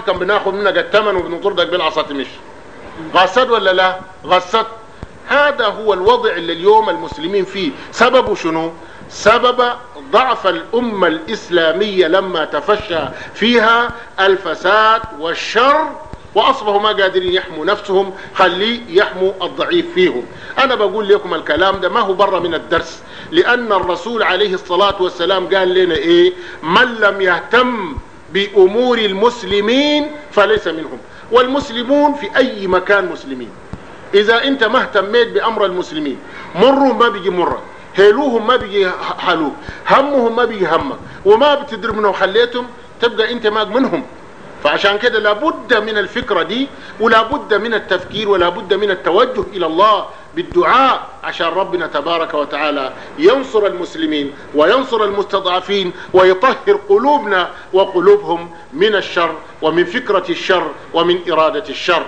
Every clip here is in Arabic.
كان بناخد منك الثمن وبنطردك بالعصا تمشي غصت ولا لا غصت هذا هو الوضع اللي اليوم المسلمين فيه سببه شنو سبب ضعف الأمة الإسلامية لما تفشى فيها الفساد والشر وأصبحوا ما قادرين يحموا نفسهم خليه يحموا الضعيف فيهم أنا بقول لكم الكلام ده ما هو برا من الدرس لأن الرسول عليه الصلاة والسلام قال لنا إيه من لم يهتم بأمور المسلمين فليس منهم والمسلمون في أي مكان مسلمين إذا أنت ما اهتميت بأمر المسلمين مرهم ما بيجي مرة هيلوهم ما بيجي حلوك همهم ما بيجي همك وما بتدري منهم حليتهم تبقى أنت ما منهم فعشان كده لابد من الفكرة دي ولابد من التفكير ولابد من التوجه إلى الله بالدعاء عشان ربنا تبارك وتعالى ينصر المسلمين وينصر المستضعفين ويطهر قلوبنا وقلوبهم من الشر ومن فكرة الشر ومن إرادة الشر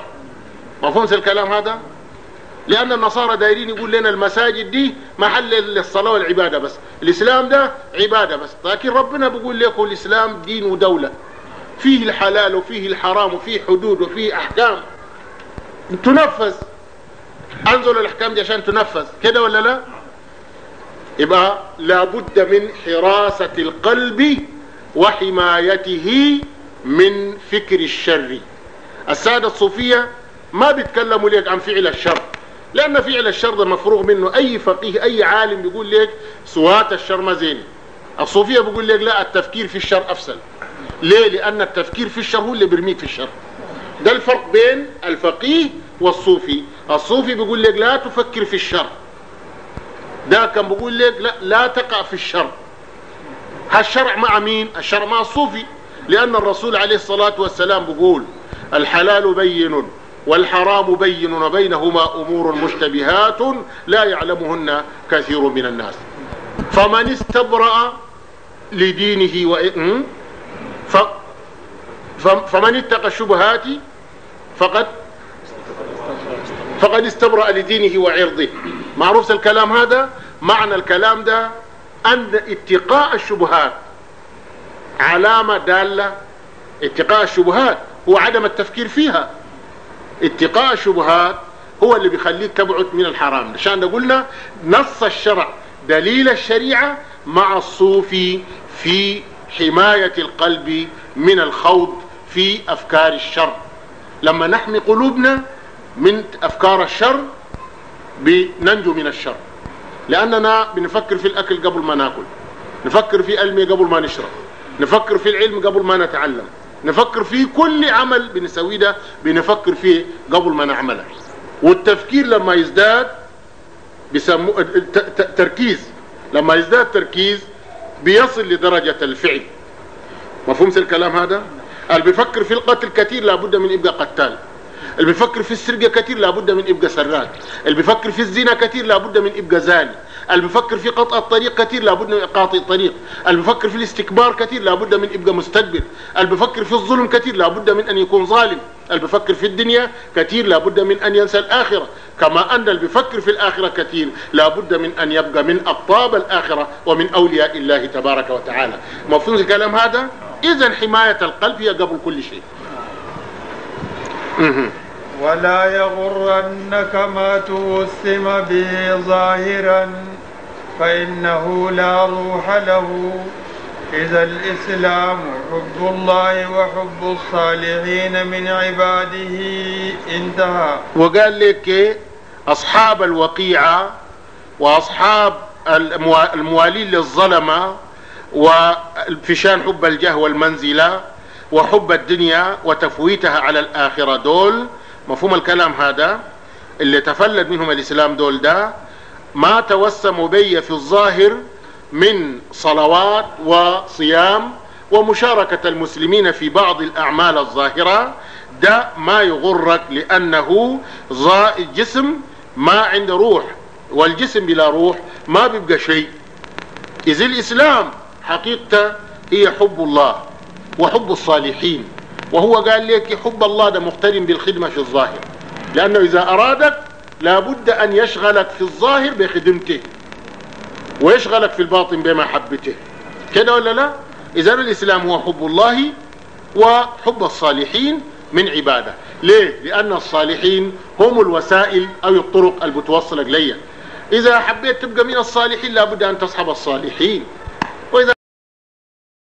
مفهوم الكلام هذا؟ لأن النصارى دايرين يقول لنا المساجد دي محل للصلاة والعبادة بس الإسلام ده عبادة بس لكن ربنا بيقول لكم الإسلام دين ودولة فيه الحلال وفيه الحرام وفيه حدود وفيه أحكام تنفذ انزل الاحكام دي عشان تنفذ كده ولا لا يبقى لابد من حراسة القلب وحمايته من فكر الشر السادة الصوفية ما بيتكلموا ليك عن فعل الشر لأن فعل الشر ده مفروغ منه أي فقيه أي عالم بيقول ليك سوات الشر ما زين الصوفية بيقول ليك لا التفكير في الشر أفسد ليه لأن التفكير في الشر هو اللي بيرميك في الشر ده الفرق بين الفقيه والصوفي الصوفي بيقول لك لا تفكر في الشر ده كان بيقول لك لا, لا تقع في الشر هالشرع مع مين الشرع مع الصوفي لأن الرسول عليه الصلاة والسلام بيقول الحلال بين والحرام بين وبينهما أمور مشتبهات لا يعلمهن كثير من الناس فمن استبرأ لدينه و... فمن اتقى الشبهات فقد فقد استبرأ لدينه وعرضه معروف الكلام هذا معنى الكلام ده أن اتقاء الشبهات علامة دالة اتقاء الشبهات هو عدم التفكير فيها اتقاء الشبهات هو اللي بيخليك تبعد من الحرام عشان ده قلنا نص الشرع دليل الشريعة مع الصوفي في حماية القلب من الخوض في أفكار الشر لما نحمي قلوبنا من أفكار الشر بننجو من الشر لأننا بنفكر في الأكل قبل ما ناكل نفكر في المية قبل ما نشرب نفكر في العلم قبل ما نتعلم نفكر في كل عمل بنسويه ده بنفكر فيه قبل ما نعمله والتفكير لما يزداد بسمو تركيز لما يزداد تركيز بيصل لدرجة الفعل مفهوم الكلام هذا؟ اللي بيفكر في القتل كثير لابد من يبقى قتال اللي بيفكر في السرقه كثير لابد من يبقى سراق اللي بيفكر في الزنا كثير لابد من يبقى زاني اللي بيفكر في قطع الطريق كثير لابد من قاطع الطريق اللي بيفكر في الاستكبار كثير لابد من يبقى مستكبر اللي بيفكر في الظلم كثير لابد من ان يكون ظالم اللي بيفكر في الدنيا كثير لابد من ان ينسى الاخره كما ان اللي بيفكر في الاخره كثير لابد من ان يبقى من اقطاب الاخره ومن اولياء الله تبارك وتعالى مفهوم الكلام هذا إذا حماية القلب هي قبل كل شيء ولا يغرنك ما توسم به ظاهرا فإنه لا روح له إذا الإسلام حب الله وحب الصالحين من عباده انتهى وقال لك إيه؟ أصحاب الوقيعة وأصحاب الموالين للظلمة وفشان حب الجاه والمنزلة وحب الدنيا وتفويتها على الآخرة دول مفهوم الكلام هذا اللي تفلت منهم الإسلام دول ده ما توسموا بي في الظاهر من صلوات وصيام ومشاركة المسلمين في بعض الأعمال الظاهرة ده ما يغرك لأنه جسم ما عنده روح والجسم بلا روح ما بيبقى شيء إذ الإسلام حقيقته هي حب الله وحب الصالحين وهو قال لك حب الله ده مقترن بالخدمة في الظاهر لأنه إذا أرادك لابد أن يشغلك في الظاهر بخدمته ويشغلك في الباطن بمحبته كده ولا لا إذا الإسلام هو حب الله وحب الصالحين من عبادة ليه لأن الصالحين هم الوسائل أو الطرق اللي بتوصلك ليا إذا حبيت تبقى من الصالحين لابد أن تصحب الصالحين